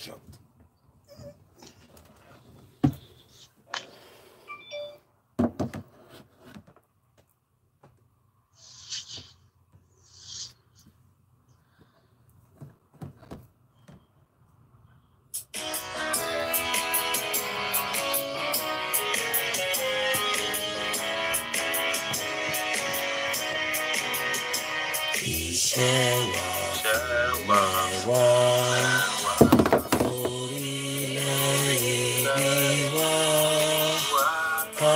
Trump.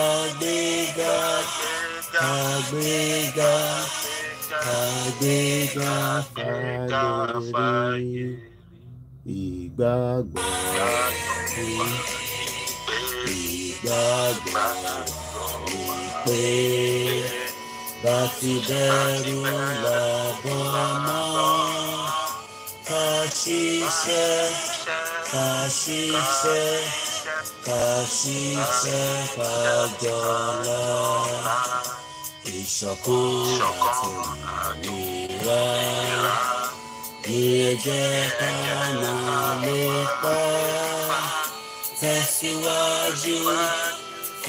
Adega, Adega, Adega, Fayere, ìgbàgbọ́ sí, ìgbàgbọ́ ìpè, láti bẹ̀rù lọ́bọ̀ mọ́, ká ṣiṣẹ́, ká ṣiṣẹ́ kasíṣẹ́ fàjọlá ìṣọ̀kan àti ìrà ìrẹ́jẹ́ kánà tẹ̀síwájú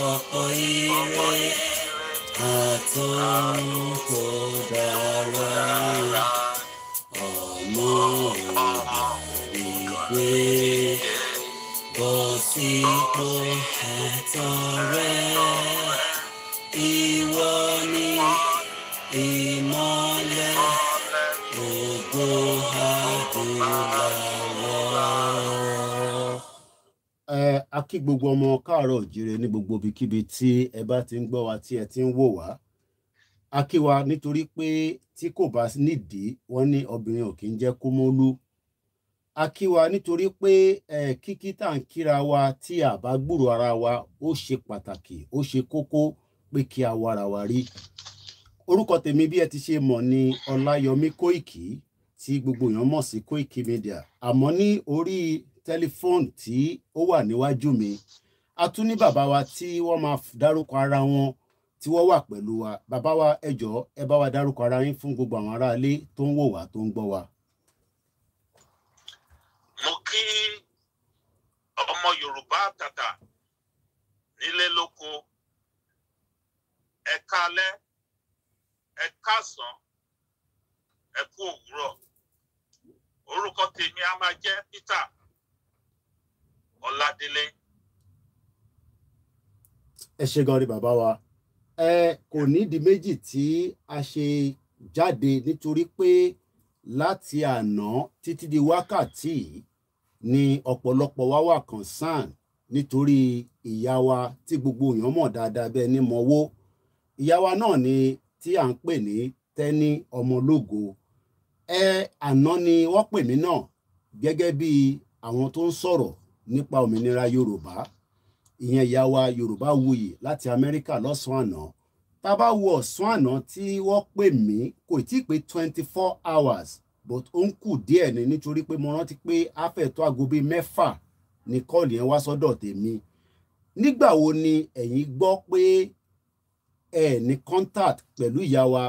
ọ̀pọ̀ ire ọmọ kò sí ipò ẹ̀tọ́ rẹ̀ ìwọ ni ìmọ́lẹ̀ gbogbo adúláwọ̀. ẹ a kí gbogbo ọmọ káàárọ̀ òjíire ní gbogbo ibikíbi tí ẹ bá ti ń gbọ́ wa tí ẹ ti ń wò wá a kí wa nítorí pé tí kò bá nídìí wọ́n ní obìnrin ò kì í jẹ́ kó mólú a kí wa nítorí pé kíkí tá à ń kíra wa tí a bá gbúrò ara wa ó ṣe pàtàkì ó ṣe kókó pé kí a wo ara wa rí orúkọ tèmi bí ẹ ti ṣe mọ̀ ni Ọláyọmí Kóìkì tí gbogbo èèyàn mọ̀ sí Kóìkì Media àmọ́ ní orí tẹlifóònù tí ó wà níwájú mi a tún ní bàbá wa tí wọ́n máa dárúkọ ara wọn tí wọ́n wà pẹ̀lú wa bàbá wa ẹ ẹ bá wa dárúkọ ara yín fún gbogbo àwọn aráalé tó ń wò wá tó ń gbọ́ wa mo kí ọmọ yorùbá tàtà nílé lóko ẹ kálẹ́ ẹ kásán ẹ kú òwúrọ̀ orúkọ tèmi a máa jẹ́ peter ọládélé. ẹ ṣe gan ni bàbá wa ẹ kò nídìí méjì tí a ṣe jáde nítorí pé láti àná títí di wákàtí yìí ni ọ̀pọ̀lọpọ̀ wa wà concern nítorí ìyá wa tí gbogbo èèyàn mọ̀ dáadáa bẹ́ẹ̀ ni mọ̀wó ìyá wa náà ni tí à ń pè ní Tẹ́ní Ọmọlógo ẹ àná ni wọ́n pè mí náà gẹ́gẹ́ bí àwọn tó ń sọ̀rọ̀ nípa òmìnira Yorùbá ìyẹn ìyá wa Yorùbá wuyì láti Amẹ́ríkà lọ́sàn-án àná tá a bá wo ọ̀sán àná tí wọ́n pè mí kò tí ì pé twenty four hours but ó ń kù díẹ̀ ni nítorí pé mo rántí pé afẹ́tọ́ aago bíi mẹ́fà ni kọ́ọ̀lì yẹn wá sọ́dọ̀ tèmi nígbà wo ni ẹ̀yin gbọ́ pé ẹ ní contact pẹ̀lú ìyá wa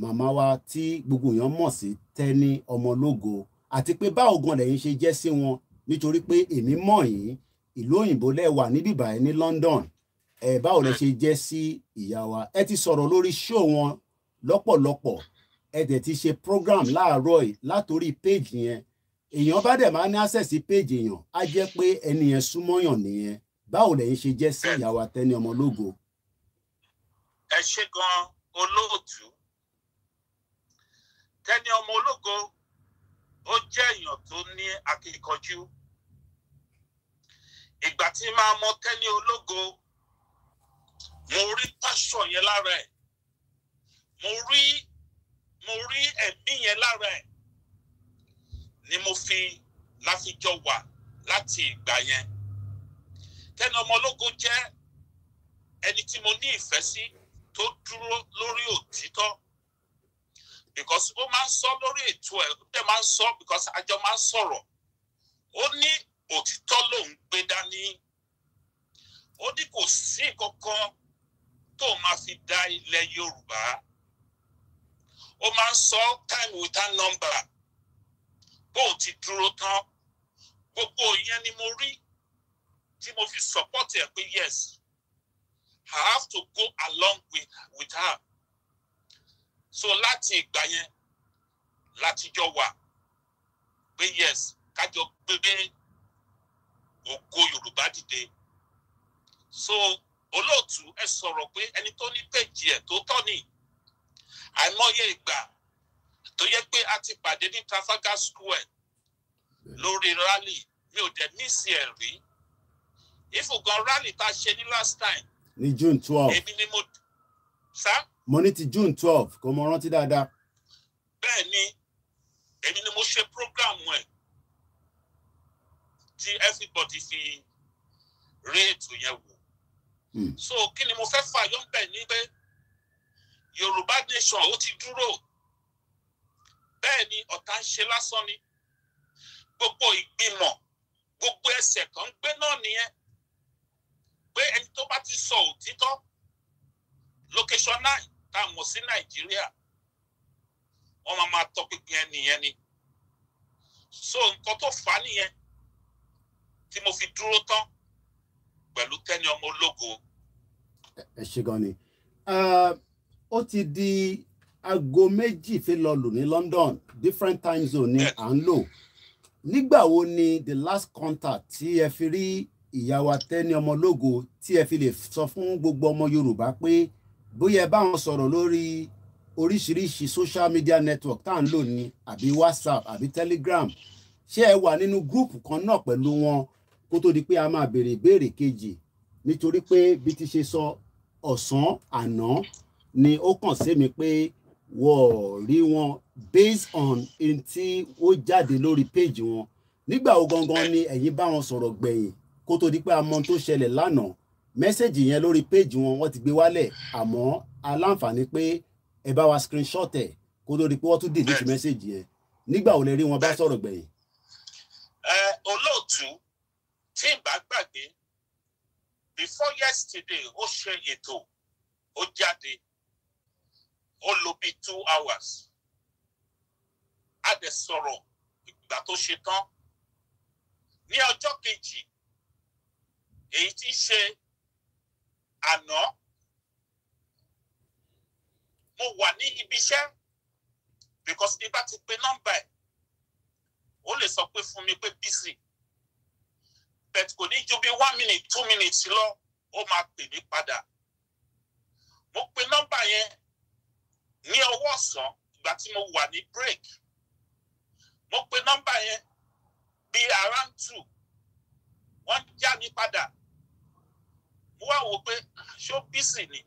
màmá wa tí gbogbo èèyàn mọ̀ sí Tẹ́ni Ọmọlógo àti pé báwo gan lẹ̀yin ṣe jẹ́ sí wọn nítorí pé èmi mọ̀ yín ìlú òyìnbó lẹ wà ní ní London ẹ báwo lẹ ṣe jẹ́ sí ìyá wa ẹ ti sọ̀rọ̀ lórí show wọn lọ́pọ̀lọpọ̀ ẹ̀dẹ̀ ti ṣe program láàárọ̀ yìí látòrí page yẹn èèyàn bá dẹ̀ máa ní access sí page èèyàn á jẹ́ pé ẹni yẹn súnmọ́yàn nìyẹn báwo lẹ̀yin ṣe jẹ́ sí ìyàwó Àtẹni Ọmọlógo. ẹ ṣe gan olóòtú Tẹni Ọmọlógo ó jẹ́ èèyàn tó ní akíkanjú ìgbà tí máa mọ Tẹni Ológo mo rí pásọ yẹn lára ẹ̀ mo rí mo rí ẹ̀mí yẹn lára ẹ̀ ni mo fi láfijọ́ wà láti ìgbà yẹn Tẹ́ni ọmọ ológo jẹ́ ẹni tí mo ní ìfẹ́ sí tó dúró lórí òtítọ́ because ó máa ń sọ lórí ètò ẹ̀ ó dẹ̀ máa ń sọ because àjọ máa ń sọ̀rọ̀ ó ní òtítọ́ lòún gbé dání ó ní kò sí kankan tó máa fi da ilẹ̀ Yorùbá ó máa ń sọ time without number bó o ti dúró tán gbogbo ìyẹn ni mo rí tí mo fi support ẹ pé yes I have to go along with, with her so láti ìgbà yẹn láti jọ wà pé yes kájọ gbé ògo Yorùbá dìde so olóòtú ẹ sọ̀rọ̀ pé ẹni tó ní péjì ẹ̀ tó tọ́ nìyí àìmọye ìgbà tó yẹ pé a ti pàdé ní Trafalgar Square lórí rally mi ò dẹ̀ mísì ẹ̀ rí ìfògàn rally tá a ṣe ní last time. ní June twelve èmi ni mo sá. mo ní ti June twelve kò mọ rántí dáadáa. bẹ́ẹ̀ ni èmi ni mo ṣe program ẹ̀ tí everybody fi rí ètò yẹn wò. Hmm. so kí ni mo fẹ́ fàyọ́ bẹ̀ ni pé yorùbá nation ó ti dúró bẹ́ẹ̀ ni ọ̀tá ń ṣe lásán ni gbogbo ìgbìmọ̀ gbogbo ẹsẹ̀ kan gbé náà nìyẹn pé ẹni tó bá ti sọ òtítọ́ location nine tá a mọ̀ sí nàìjíríà wọ́n máa máa tọpinpin ẹni yẹn ni so nǹkan tó fà á nìyẹn tí mo fi dúró tán pẹ̀lú Kenny ọmọ ológo. ẹ ṣe gan ni. Uh ó ti di aago méjì fi lọ lù ní London different time zone ni à ń lò nígbà wo ni the last contact tí ẹ fi rí ìyá wa Tẹ́ni Ọmọlógo tí ẹ fi lè sọ fún gbogbo ọmọ Yorùbá pé bóyá ẹ bá wọn sọ̀rọ̀ lórí oríṣiríṣi social media network tá à ń lò ní àbí WhatsApp àbí Telegram ṣé ẹ wà nínú gúrùpù kan náà pẹ̀lú wọn kó tó di pé a máa béèrè ìbéèrè kejì nítorí pé bí ti ṣe sọ ọ̀sán àná ni ó kàn sí mi pé wọ́n rí wọn based on in tí ó jáde lórí péjì wọn nígbà wo gangan ni ẹ̀yin bá wọn sọ̀rọ̀ gbẹ̀yìn kó tó di pé a mọ̀ tó ṣẹlẹ̀ lánàá mẹ́sẹ̀gì yẹn lórí péjì wọn wọ́n ti gbé wálẹ̀ àmọ́ aláǹfààní pé ẹ bá wa screenshot ẹ̀ kó tó di pé wọ́n tún delete mẹ́sẹ̀gì yẹn nígbà wo lè rí wọn bá sọ̀rọ̀ gbẹ̀yìn. ẹ olóòtú tí ì gbàgbé before yesterday ó ṣe ètò ó jáde ó lò bíi two hours a dẹ̀ sọ̀rọ̀ ìgbà tó ṣe tán ní ọjọ́ kejì èyí tí ń ṣe àná mo wà ní ibi iṣẹ́ because ibà ti pe nọ́mbà ẹ̀ ó lè sọ pé fún mi pé busy but kò ní ju bí one minute two minutes lọ ó máa pè mí padà mo pe nọ́mbà yẹn ní ọwọ́ ọ̀sán ìgbà tí mo wà ní break mo pe nọ́mbà yẹn bí around two wọ́n já mi padà mo wá wò pé ah, ṣó bísì ni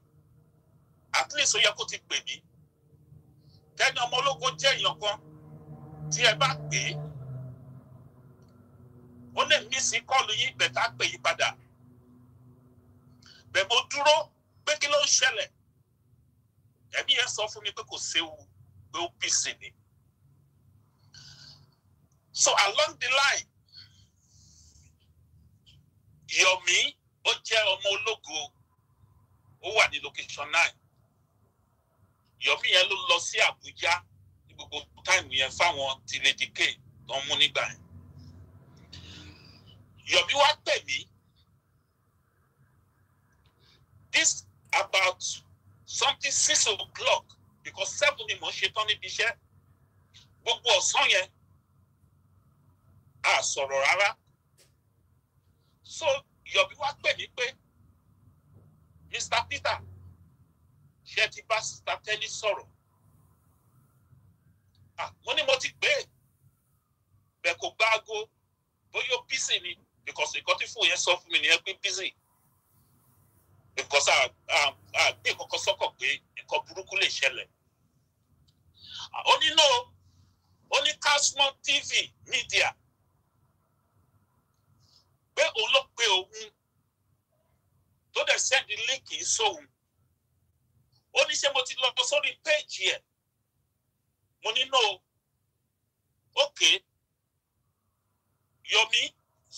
at least ó yẹ kó ti pè mí kẹ́ni ọmọ ológo jẹ́ èèyàn kan tí ẹ bá pè é ó lè mí sí kọ́ọ̀lù yín bẹ̀ẹ́ ká pè yí padà bẹ̀ẹ́ mo dúró pé kí ló ń ṣẹlẹ̀ ẹ̀mí yẹn sọ fún mi pé kò séwu pé ó bìsì ni so along the line Yomi ó jẹ́ ọmọ ológo ó wà ní location nine Yomi yẹn ló lọ sí Abuja ní gbogbo táìmù yẹn fáwọn tìlédìkè tó ń mú nígbà yẹn Yomi wá pè mí this about something six o'clock because seven ni mò ń ṣetán níbi iṣẹ́ gbogbo ọ̀sán yẹn a sọ̀rọ̀ rárá so yọ̀bí wá pè mí pé Mr. Peter ṣe ti bá sista tẹ́lí sọ̀rọ̀ mo ní mo ti gbé bẹ́ẹ̀ kò gbá aago bóyá bísí ni because nǹkan tí fóun yẹn sọ fún mi nìyẹn pé bísí because àgbẹ̀ kọ́kọ́ sọ́kọ̀ pé nǹkan burúkú lè ṣẹlẹ̀ ó ní no ó ní TV media pé òun ló pe òun tó dẹ̀ sẹ́ndì líǹkì sóhun ó ní ṣé mo ti lọ sórí péèjì ẹ̀ mo ní no ok Yomi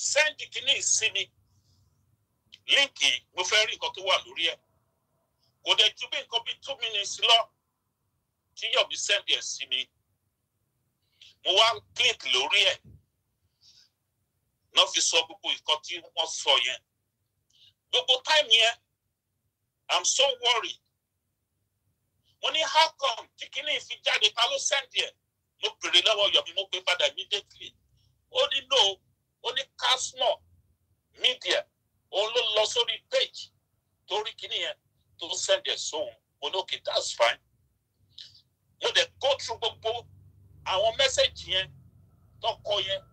sẹ́ndì kìíní sí mi. Okay líǹkì mo fẹ́ rí nǹkan tó wà lórí ẹ̀ kò dẹ̀ tún bí nǹkan bíi two minutes lọ tí yọ̀bí sẹ́ndì ẹ̀ sí mi mo wá click lórí ẹ̀ náà fi sọ gbogbo nǹkan tí wọ́n sọ yẹn gbogbo time yẹn i'm so worried mo ní how come tí kíní fi jáde ta ló sẹ́ndì ẹ̀ mo bèrè lọ́wọ́ yọ̀bí mo pè padà immediately ó ní no ó ní casmo media òun ló lọ sórí page torí kíní yẹn tó sẹ̀dẹ̀ sóhun onókè that's fine mo dẹ̀ go through gbogbo àwọn mẹ́sẹ̀gì yẹn tọkọ yẹn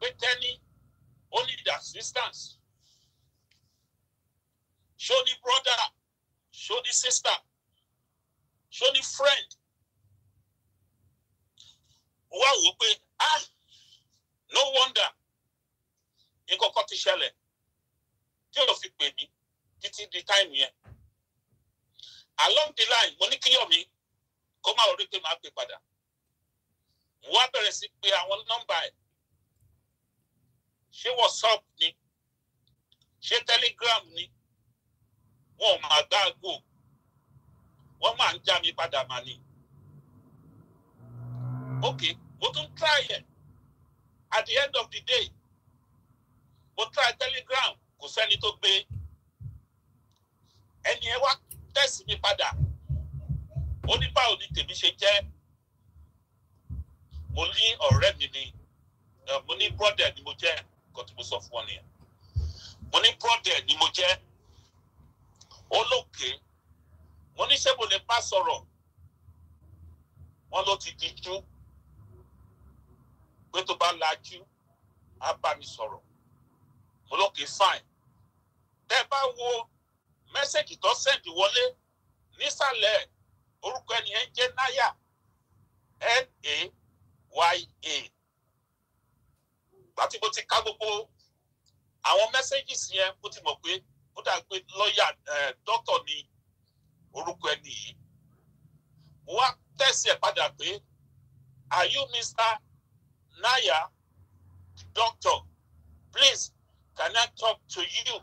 pé tẹ́ni ó ní the assistance Show the brother show the sister show the friend wá wò ó pé ah no wonder nǹkan kan ti ṣẹlẹ̀ pè mí títí di táìmù yẹn along the line mo ní kíyọ̀mí kó má rí pé màá pè padà mo wá bẹ̀rẹ̀ sí pé àwọn nọ́mbà ẹ̀ ṣé whatsapp ni ṣé telegram ni wọn ò máa gbá àgò wọn máa ń já mi padà mà ní. ok mo tún try ẹ at the end of the day mo try telegram kò sẹ́ni tó gbé ẹni ẹ wá tẹ̀sí mi padà ó ní báwo ni tèmi ṣe jẹ́ mo ní ọ̀rẹ́ mi ni mo ní brọ́dẹ̀ ni mo jẹ́ nǹkan tí mo sọ fún ọ nìyẹn mo ní brọ́dẹ̀ ni mo jẹ́ ó lókè mo ní ṣé lè bá sọ̀rọ̀ wọ́n ló ti di jú pé tó bá lajú á bá mi sọ̀rọ̀ mo lókè fine tẹ́ bá wo mẹ́sẹ̀gì tó sẹ́ǹdì wọlé nísàlẹ̀ orúkọ ẹni yẹn jẹ́ náyà n-a-y-a gbàtí mo ti ka gbogbo àwọn mẹ́sẹ̀gì yẹn mo ti mọ̀ pé ó dà pé lọ́ọ̀yà dọ́tọ̀ ni orúkọ ẹni yìí mo wá tẹ̀sí ẹ̀ padà pé are you Mr. Naya doctor please cannot talk to you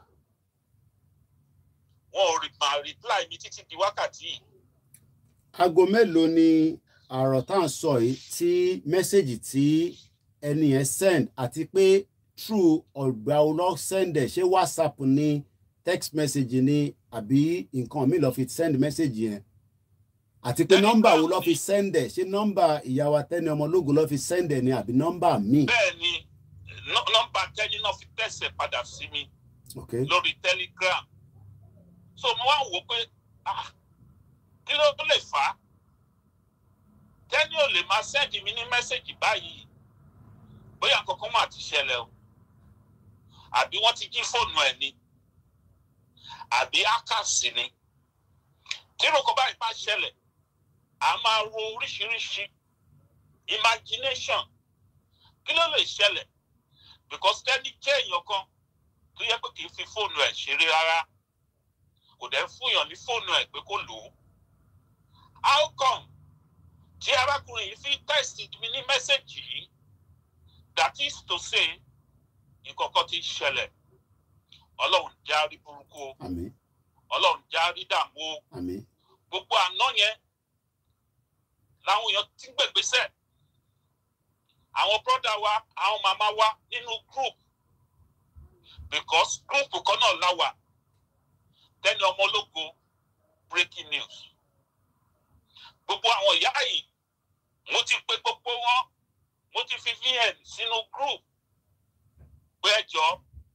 wọn ò máa reply mi títí di wákàtí yìí. aago mélòó ni àrọ̀ tá à ń sọ yìí tí mẹ́sẹ̀gì tí ẹni yẹn send àti pé true ọ̀gbà olóò send ẹ̀ ṣé whatsapp ni text message ni àbí nǹkan mi lọ fi send message yẹn àti pé nọ́mbà wo lọ fi send ẹ̀ ṣé nọ́mbà ìyàwó atẹ́ni lọ fi send ẹ̀ ni àbí nọ́mbà mi. bẹ́ẹ̀ nọ́mbà tẹ́ni náà fi tẹ̀sẹ̀ padà sí mi lórí telegram so mo wá wò pé ah, kí ló lè fà á tẹ́ni ò lè máa sẹ́ẹ̀dì mi ní mẹ́sẹ̀gì báyìí bóyá kankan mà ti ṣẹlẹ̀ o àbí wọ́n ti jí fóònù ẹ̀ ni àbí ákàsì ni tí nǹkan báyìí bá ṣẹlẹ̀ a máa ro oríṣiríṣi imagination kí ló lè ṣẹlẹ̀ because tẹ́ni jẹ́ èèyàn kan tó yẹ pé kì í fi fóònù ẹ̀ ṣeré rárá kò dẹ̀ fúnyàn ní fóònù ẹ̀ pé kó lò ó how come tí arákùnrin yìí fi tẹ́sì mi ní mẹ́sẹ̀gì yìí that is to say nǹkan kan ti ṣẹlẹ̀ ọlọ́run já rí burúkú o ọlọ́run já rí dààmú o gbogbo àná yẹn làwọn èèyàn ti ń gbègbèsẹ̀ àwọn brọ́dà wa àwọn màmá wa nínú group because group kan náà la wà tẹ́ni ọmọ ológo breaking news gbogbo àwọn ìyá yìí mo ti pe gbogbo wọn mo ti fi vn sínú group pé ẹjọ́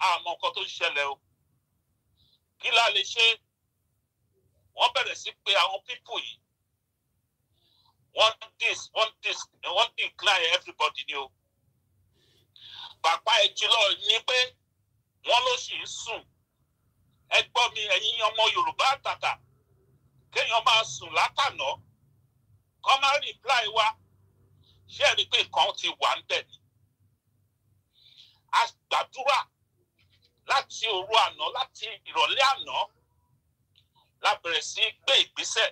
àmọ́ nǹkan tó ń ṣẹlẹ̀ o kí la lè ṣe wọ́n bẹ̀rẹ̀ sí pé àwọn pípò yìí wọ́n dis wọ́n dis wọ́n declare everybody ni o. bàbá ìjìlọ ni pé wọ́n ló sì ń sùn ẹ gbọ́ mi ẹ̀yin ọmọ Yorùbá àtàtà kéèyàn máa sùn látànà kọ́ máa reply wa ṣé ẹ rí i pé nǹkan ti wà ń bẹ̀ ni. a gbàdúrà la bẹ̀rẹ̀ sí gbé ìgbésẹ̀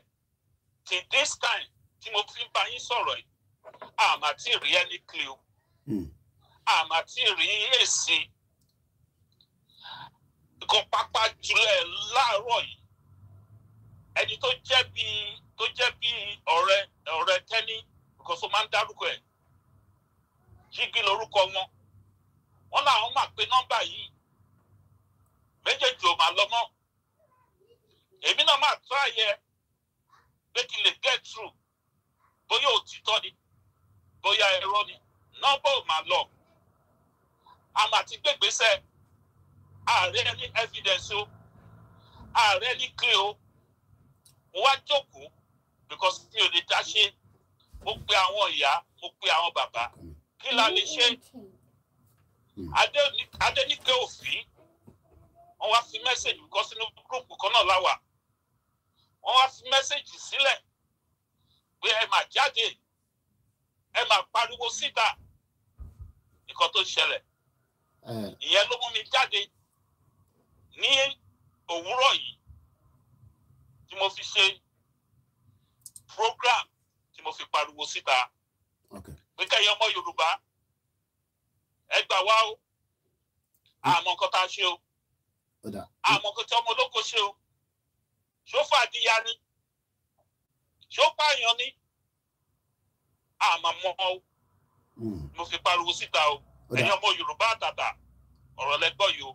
this time tí mo fi ń bá yín sọ̀rọ̀ yìí àmà tí ì rí ẹni kiri o àmà tí ì rí èsì nǹkan pápá jùlọ ẹ̀ láàárọ̀ yìí ẹni tó jẹ́ bí tó jẹ́ bí ọ̀rẹ́ ọ̀rẹ́ tẹ́ni nǹkan tó máa ń dárúkọ ẹ̀ jígi lórúkọ wọn wọn làwọn máa pe nọ́mbà yìí méjèèjì ò máa lọ mọ́ èmi náà máa tọ́ àyẹ pé kí n lè get through bóyá òtítọ́ ni bóyá irọ́ ni nọ́mbà máa lọ àmà àti gbégbèsè ààrẹ ní evidence o ààrẹ ní clear o mo wá jókòó because mi ò lè dá ṣe mo pe àwọn ìyá mo pe àwọn bàbá kí la lè ṣe adéníkè òfin wọn wá fi mẹ́sẹ̀gì kọ sínú gúrùpù kan náà láwà wọn wá fi mẹ́sẹ̀gì sílẹ̀. Si pé ẹ máa jáde ẹ máa pariwo síta nǹkan tó ṣẹlẹ̀ ìyẹn ló mú mi jáde ní òwúrọ̀ yìí tí mo fi ṣe program tí mo fi pariwo síta pé kẹ́yìn ọmọ Yorùbá ẹ gbà wá o àmọ́ nǹkan tá a ṣe o àmọ́ nǹkan tí ọmọ olóko ṣe o ṣó fàdíyà ni ṣé ó pààyàn ni àmàmọ́ o hmm. mo fi pariwo síta o ẹ̀yin ọmọ Yorùbá àtàtà ọ̀rọ̀ lẹ́gbọ́ yìí o.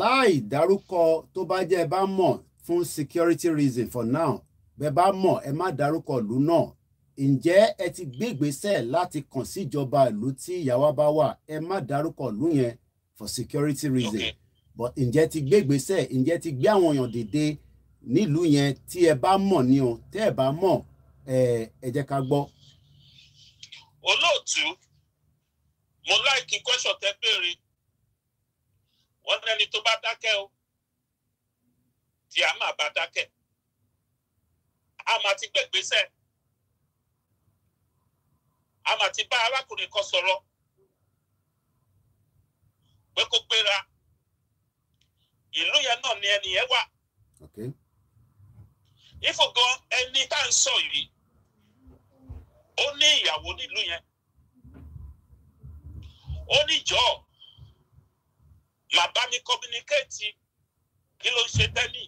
láì dárúkọ tó bá jẹ́ ẹ bá mọ̀ fún security reason for now bẹ́ẹ̀ bá mọ̀ ẹ má dárúkọ ìlú náà ǹjẹ́ ẹ ti gbé ìgbésẹ̀ láti kàn sí ìjọba ìlú tí ìyàwó bá wà ẹ má dárúkọ ìlú yẹn for security reason okay. but ǹjẹ́ ti gbé ìgbésẹ̀ ǹjẹ́ ti gbé àwọn èèyàn dìde nílùú yẹn tí ẹ bá mọ̀ ni o tẹ́ ẹ bá mọ̀ ẹ jẹ́ ká gbọ́. olóòtú mo láìkí kwẹ́sọ̀ tẹ́ béèrè wọ́n lẹ́ni tó bá dákẹ́ o tí a máa bá dákẹ́ a máa ti gbé gbèsè a máa ti bá arákùnrin kan sọ̀rọ̀ pé kó gbéra ìlú yẹn náà ni ẹnìyẹn wà. Okay ìfọ̀gàn ẹni tá à ń sọ yìí ó ní ìyàwó nílùú yẹn ó ní jọ màá bá mi communicate kí ló ń ṣe tẹ́lẹ̀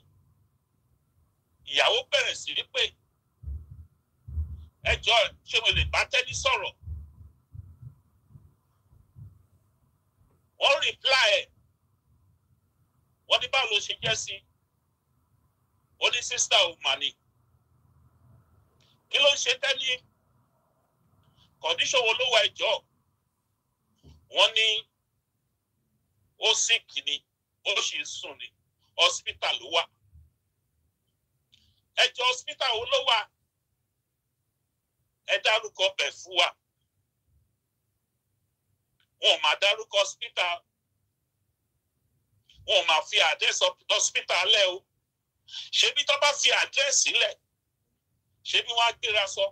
ìyàwó bẹ̀rẹ̀ sí ní pé ẹjọ́ ṣé mo lè bá tẹ́lẹ̀ sọ̀rọ̀ wọ́n reply ẹ̀ wọ́n ní báwo ló ṣe jẹ́ sí i ó ní sísá ọmọ ni kí ló ń ṣe tẹ́lẹ̀ kọ̀díṣọ̀wọ́ ló wà ẹ̀jọ́ wọ́n ní ó sìnkì ni ó sì ń sùn ni hospital ló wà ẹjọ́ hospital wo ló wà ẹ dárúkọ bẹ̀ fún wa wọn ò máa dárúkọ hospital wọn ò máa fi àdẹ́sọ hospital lẹ́ ṣebí tó bá fi àdírẹ́sì sílẹ̀ ṣebí wọ́n á gbéra sọ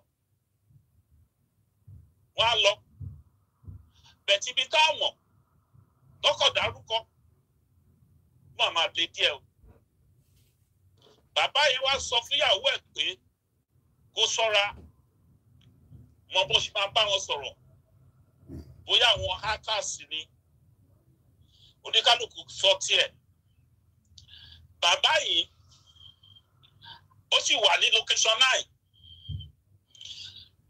wọ́n á lọ bẹ̀tí ibi táwọn lọ́kọ̀ dárúkọ mọ̀ máa lè díẹ̀ o bàbá yìí wá sọ fúnyàwó ẹ̀ pé kó ṣọ́ra mọ bó ṣe máa bá wọn sọ̀rọ̀ bóyá àwọn hackers ni oníkálukú sọ tiẹ̀ bàbá yìí ó sì wà ní location nine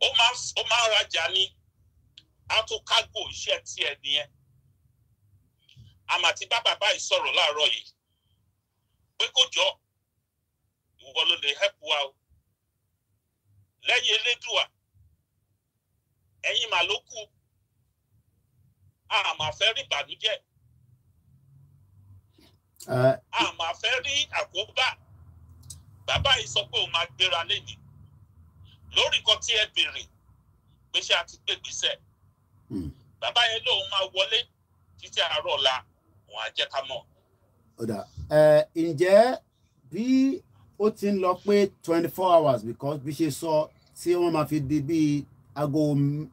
ó máa ó máa rajà ní auto cargo iṣẹ́ tiẹ̀ nìyẹn àmà tí bá bàbá yìí sọ̀rọ̀ láàárọ̀ yìí pé kó jọ ìwọ ló lè help wa o lẹ́yìn elédùà ẹ̀yin mà ló kù àmà fẹ́ rí ìbànújẹ́ àmà fẹ́ rí àkóbá bàbá yìí sọ pé òun máa gbéra lẹ́yìn lórí nǹkan tí ẹ béèrè pé ṣé a ti gbé gbèsè hmm. bàbá yẹn lóun máa wọlé títí àárọ̀ la òun á jẹ́ ká mọ̀. ǹjẹ́ bí ó ti ń lọ pé twenty four hours because bí ṣe sọ tí wọ́n máa fi di bíi aago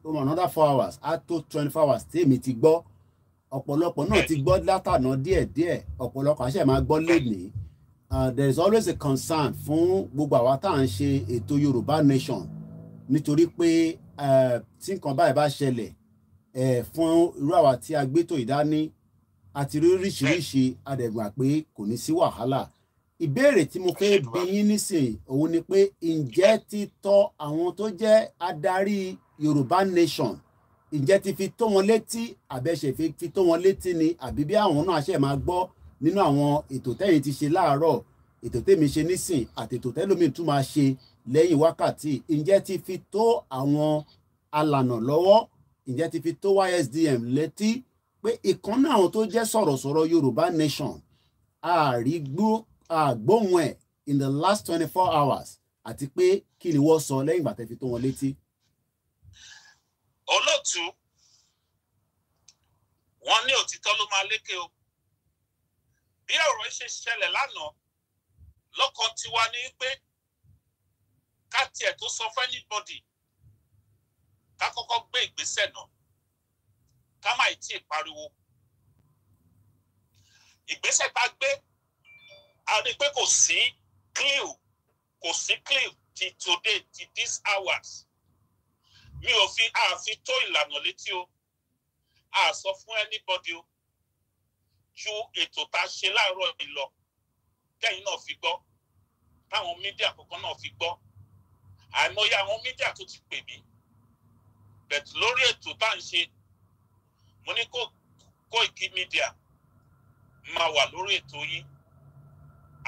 oh, another four hours á tó twenty four hours tí èmi ti gbọ́ ọ̀pọ̀lọpọ̀ náà ti gbọ́ látànà díẹ̀díẹ̀ ọ̀pọ̀lọpọ̀ àṣẹ máa gbọ́ lénìí. Uh, there is always a concern fún gbogbo àwa tá à ń ṣe ètò Yorùbá nation nítorí pé uh, tí nǹkan báyìí bá ṣẹlẹ̀ uh, fún irú àwa tí a gbé tó ìdání àti oríṣiríṣi adẹ̀gbà pé kò ní sí wàhálà ìbéèrè tí mo fẹ́ bí yín nísìnyí òun ni pé ǹjẹ́ ti tọ́ àwọn tó jẹ́ adarí Yorùbá nation ǹjẹ́ ti fi tó wọn létí àbẹ̀ṣẹ̀ fi tó wọn létí ni àbí bí àwọn náà ṣe máa gbọ́ nínú àwọn ètò tẹ́yìn ti ṣe láàárọ̀ ètò tèmi ṣe nísìn àti ètò tẹ́lómi tún máa ṣe lẹ́yìn wákàtí ǹjẹ́ ti fi tó àwọn alànà lọ́wọ́ ǹjẹ́ ti fi tó YSDM létí pé ìkànnì àwọn tó jẹ́ sọ̀rọ̀sọ̀rọ̀ Yorùbá Nation àgbóhùn ẹ̀ in the last twenty four hours àti pé kí ni wọ́n sọ lẹ́yìn ìgbà tẹ́ fi tó wọn létí. olótú wọn ní òtítọ́ ló máa lékè o bí ọ̀rọ̀ ṣe ṣẹlẹ̀ lánàá lọ́kàn tiwa ni pé ká tiẹ̀ tó sọ fún anybody ká kọ́kọ́ gbé ìgbésẹ̀ náà ká má tí ì pariwo ìgbésẹ̀ tá a gbé a rí i pé kò sí clear kò sí clear ti today ti this hours mi ò fi àfi tó ìlànà létí o a sọ fún anybody o ju ètò tá a ṣe láàárọ̀ yìí lọ kẹ́yìn náà fi gbọ́ táwọn mídíà kọ̀ọ̀kan náà fi gbọ́ àìmọye àwọn mídíà tó ti pè mí bẹ̀tù lórí ètò tá à ń ṣe mo ní kó Koiki Media máa wà lórí ètò yín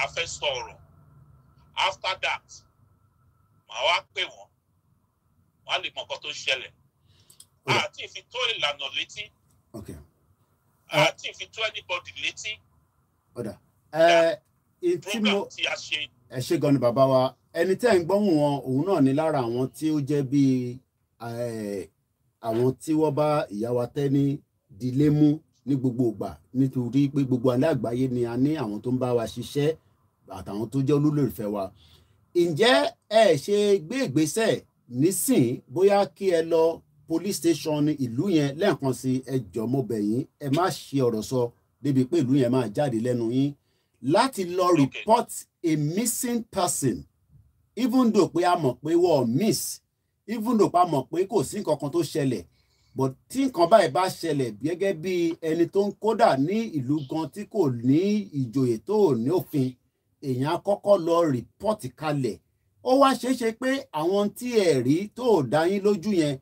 a fẹ́ sọ̀rọ̀ after that màá wá pè wọ́n wọ́n á lè mọ nǹkan tó ṣẹlẹ̀ àti ìfi tó ìlànà létí. Okay àti fi tó anybody létí. ọ̀dà tí mo ẹ ṣe gan ni bàbá wa ẹni tẹ́ ń gbọ́hùn wọn òun náà ni lára àwọn tí ó jẹ́ bíi àwọn tí wọ́n bá ìyá wa Tẹ́ni dilé mú ní gbogbo ìgbà nítorí pé gbogbo alẹ́ àgbáyé ni a ní àwọn tó ń bá wa ṣiṣẹ́ àtàwọn tó jẹ́ olólùfẹ́ wa ǹjẹ́ ẹ ṣe gbé ìgbésẹ̀ nísìn bóyá kí ẹ lọ police station ìlú yẹn lẹ́ẹ̀kan sí ẹ jọ̀ọ́ mo bẹ̀ yín ẹ má ṣe ọ̀rọ̀ sọ débi pé ìlú yẹn máa jáde lẹ́nu yín láti lọ report a missing person even though pé a mọ̀ pé wọ́n miss even though pé a mọ̀ pé kò sí nǹkan kan tó ṣẹlẹ̀ but tí nǹkan báyìí bá ṣẹlẹ̀ gẹ́gẹ́ bí ẹni tó ń kódà ní ìlú gan tí kò ní ìjòyè tó ní òfin èèyàn kọ́kọ́ lọ rìpọ́ọ̀tì kalẹ̀ ó wá ṣeé pé àwọn tí ẹ̀ rí tó dá yín lójú yẹn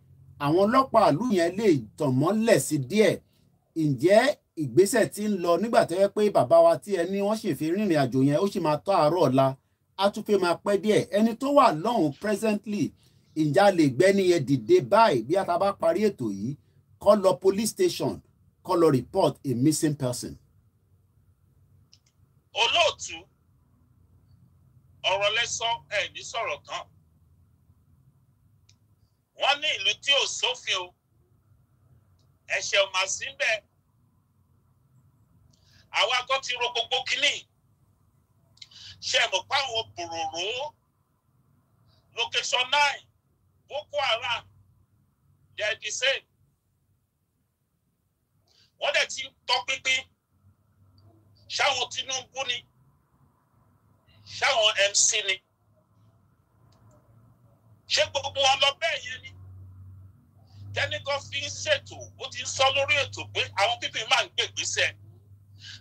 àwọn ọlọ́pàá ìlú yẹn lè tàn mọ́lẹ̀ sí díẹ̀ ǹjẹ́ ìgbésẹ̀ tí ń lọ nígbà tó yẹ pé bàbá wa tí ẹni wọ́n ṣèfì rìnrìn àjò yẹn ó sì máa tó àárọ̀ ọ̀la á tún pé máa pẹ́ díẹ̀ ẹni tó wà lọ́hùn presently ìjà lè gbẹ́ni yẹn dìde báyìí bí a ta bá parí ètò yìí kó lọ police station kó lọ report a missing person. olóòtú ọ̀rọ̀ lẹ́sọ ẹ̀ ní sọ̀rọ̀ tán wọ́n ní ìlú tí ò sófin o ẹ̀ṣẹ̀ ò máa sí bẹ́ẹ̀ àwa kan ti ro gbogbo kínní ṣe mọ̀ páwọn bòròró location nine boko haram they are the same wọ́n dẹ̀ ti tọpinpin ṣáwọn Tinubu ni ṣáwọn MC ni ṣé gbogbo wa lọ bẹ́ẹ̀ yẹn ni tẹnikan fi ń ṣètò ó ti ń sọ lórí ètò pé àwọn pípì máa ń gbègbèsẹ̀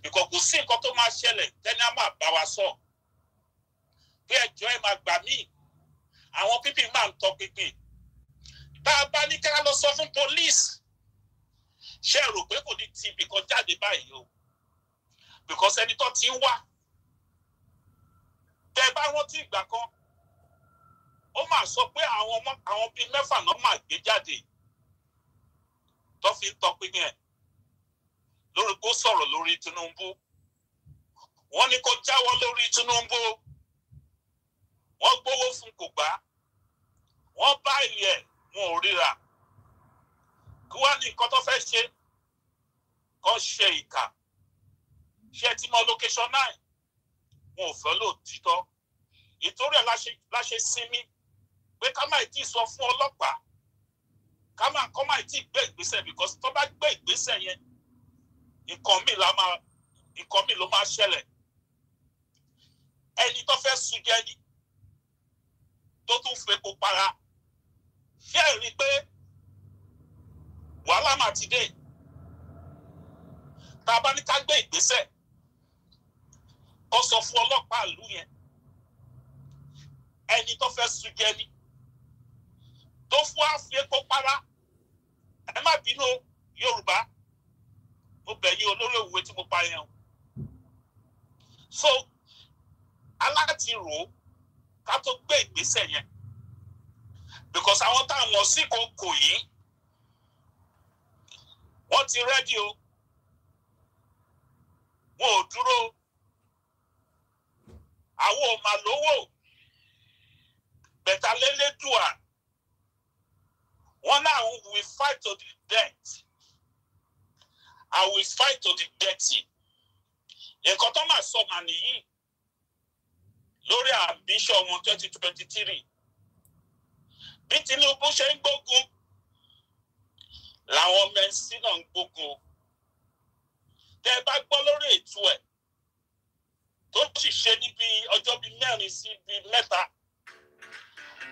nǹkan kò sí nǹkan tó máa ṣẹlẹ̀ tẹ́ni á máa bá wa sọ pé ẹjọ́ ẹ máa gbà míì àwọn pípì máa ń tọ pinpin tá a bá ní ká lọ sọ fún pólíìsì ṣe rò pé kò ní ti ibìkan jáde báyìí o because ẹni tó ti ń wá tẹ bá rántí ìgbà kan ó mà sọ pé àwọn ọmọ àwọn bíi mẹ́fà náà mà gbé jáde tó fi ń tọpinpin ẹ̀ lórí kó sọ̀rọ̀ lórí Tinubu wọ́n ní kó jáwọ́ lórí Tinubu wọ́n gbowó fún kò gbà wọ́n bá ilé ẹ̀ wọn ò ríra kí wọ́n ní nǹkan tó fẹ́ ṣe kó ṣe ìkà ṣe ti mọ location náà wọn ò fẹ́ lóòtítọ́ ìtorí ẹ̀ láṣẹ sinmi pé ká má tí ì sọ fún ọlọ́pàá ká má kọ́ má tí gbé ìgbésẹ̀ because tó bá gbé ìgbésẹ̀ yẹn nǹkan mi la máa nǹkan mi ló máa ṣẹlẹ̀ ẹni tó fẹ́ sun jẹ ni tó tún fepo para ṣé ẹ rí i pé wàhálà mà ti dé tá a bá ní ká gbé ìgbésẹ̀ kó sọ fún ọlọ́pàá ìlú yẹn ẹni tó fẹ́ sun ni tó fún àfi epo para ẹ má bínú yorùbá mo bẹ̀ yín olórí òwe tí mo pa yẹn o so aláti rò ó ká tó gbé ìgbésẹ̀ yẹn because àwọn táwọn sí kò kò yìí wọ́n ti rẹ́dí o wọn ò dúró àwọn ò mà lówó bẹ̀tà lélẹ́dùà wọn náà we fight to the death and we fight to the dirty nǹkan tó máa sọ mà nìyí lórí ambition wọn twenty twenty three bí Tinubu ṣe ń gbógun làwọn ọmọ ẹsìn náà ń gbógun tẹ ẹ bá gbọ́ lórí ètò ẹ̀ tó sì ṣe níbi ọjọ́ bíi mẹ́rin sí bíi mẹ́ta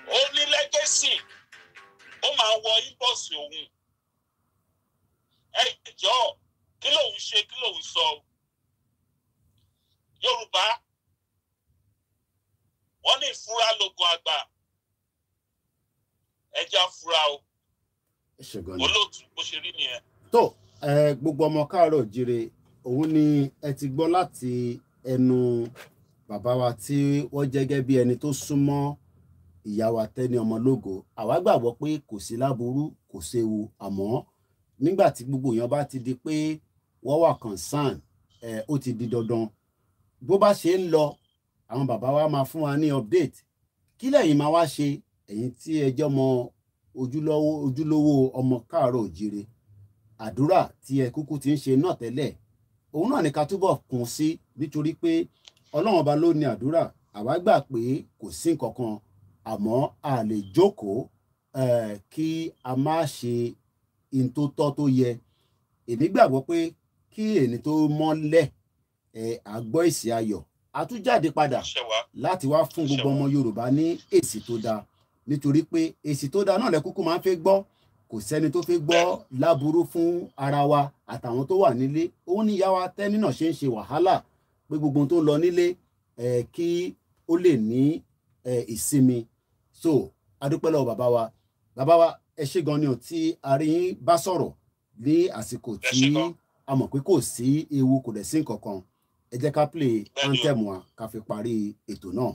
ó ní lẹ́gẹ́sì ó máa wọ inbọ̀sì òun ẹ jọ kí lòun ṣe kí lòun sọ Yorùbá wọ́n ní ìfura lógun àgbà ẹja fura o olóòtú bó ṣe rí nìyẹn. tó gbogbo ọmọ káàárọ̀ òjire òun ni ẹ ti gbọ́ láti ẹnu bàbá wa tí wọ́n jẹ́ gẹ́gẹ́ bí ẹni tó súnmọ́ ìyá wa Tẹ́ni Ọmọlógo àwa gbàgbọ́ pé kò sí láburú kò séwu àmọ́ nígbà tí gbogbo èèyàn bá ti di pé wọ́n wà concern ẹ̀ ó ti di dandan bó bá ṣe ń lọ àwọn bàbá wa máa fún wa ní update kí lẹ́yìn máa wá ṣe ẹ̀yin tí ẹ jẹ́ ọmọ ojúlówó ojúlówó ọmọ káàárọ̀ òjire àdúrà tí ẹ kúkú ti ń ṣe náà tẹ́lẹ̀ òun náà ní ká túbọ̀ kún sí nítorí pé ọlọ́run ọba ló ní àdúrà àwa gbà pé kò sí nǹkan kan àmọ́ a lè jókòó kí a má ṣe in tó tọ́ tó yẹ èmi gbàgbọ́ pé kí èni tó mọ́lẹ̀ a gbọ́ èsì ayọ̀ a tún jáde padà láti wá fún gbogbo ọmọ Yorùbá ní èsì tó dáa nítorí pé èsì tó dáa náà lẹ́kúkú máa ń fẹ́ gbọ́ kò sẹ́ni tó fẹ́ gbọ́ láburú fún ara wa àtàwọn tó wà nílé òun ni ìyá wa tẹ́ni náà ṣe ń ṣe wàhálà pé gbogbo tó lọ nílé kí ó lè ní ìsinmi so adúpẹ́ lọ́wọ́ bàbá wa bàbá wa ẹ ṣé gan ni o tí a rí yín bá sọ̀rọ̀ ní àsìkò tí a mọ̀ pé kò sí ewu kò dẹ̀ sí nǹkan ẹ jẹ́ ká play anthem wa ká fi parí ètò náà.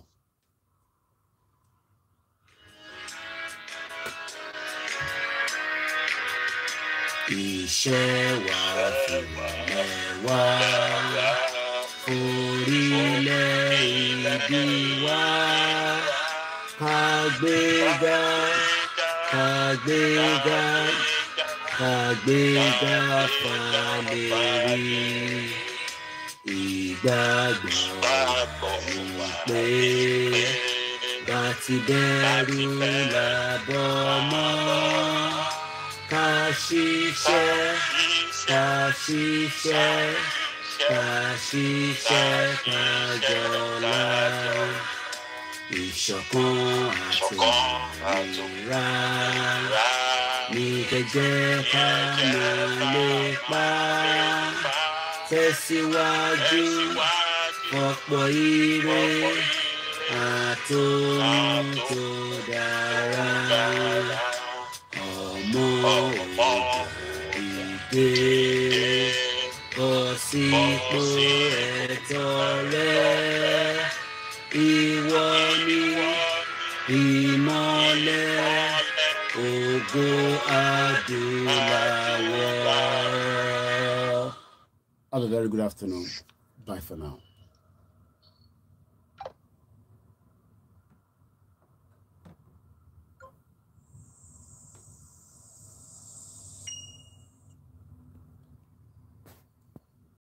Iṣẹ́ wa fi mẹ́wà orílẹ̀ ìbí wa. Àgbéga, àgbéga, àgbéga fàlèrí. Ìgbàgbọ́ ni pé làbọ̀ mọ́. Ká ṣiṣẹ́, ká ṣiṣẹ́, ká jọlá. ìṣọ̀kan àti ìra ní kẹjẹ ká máa lè pa tẹ̀síwájú ọ̀pọ̀ ire àtòhún dára ọmọ òkè ìdè kọsípò ẹ̀tọ́ rẹ̀ ìwọ. go Have a very good afternoon. Bye for now.